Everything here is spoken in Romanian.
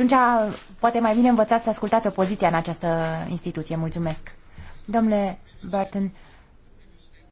Atunci, poate mai bine învățați să ascultați opoziția în această instituție. Mulțumesc. Domnule Burton,